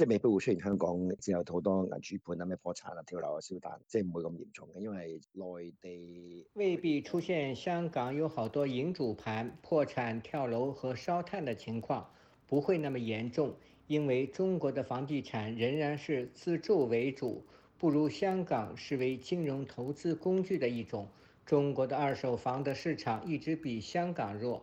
即未必會出現香港之後好多銀主盤啊、咩破產啊、跳樓啊、燒炭啊，即係唔會咁嚴重嘅，因為內地未必出現香港有好多銀主盤、破產、跳樓和燒炭的情況，不會那麼嚴重，因為中國的房地產仍然是自住為主，不如香港視為金融投資工具的一種。中國的二手房的市場一直比香港弱。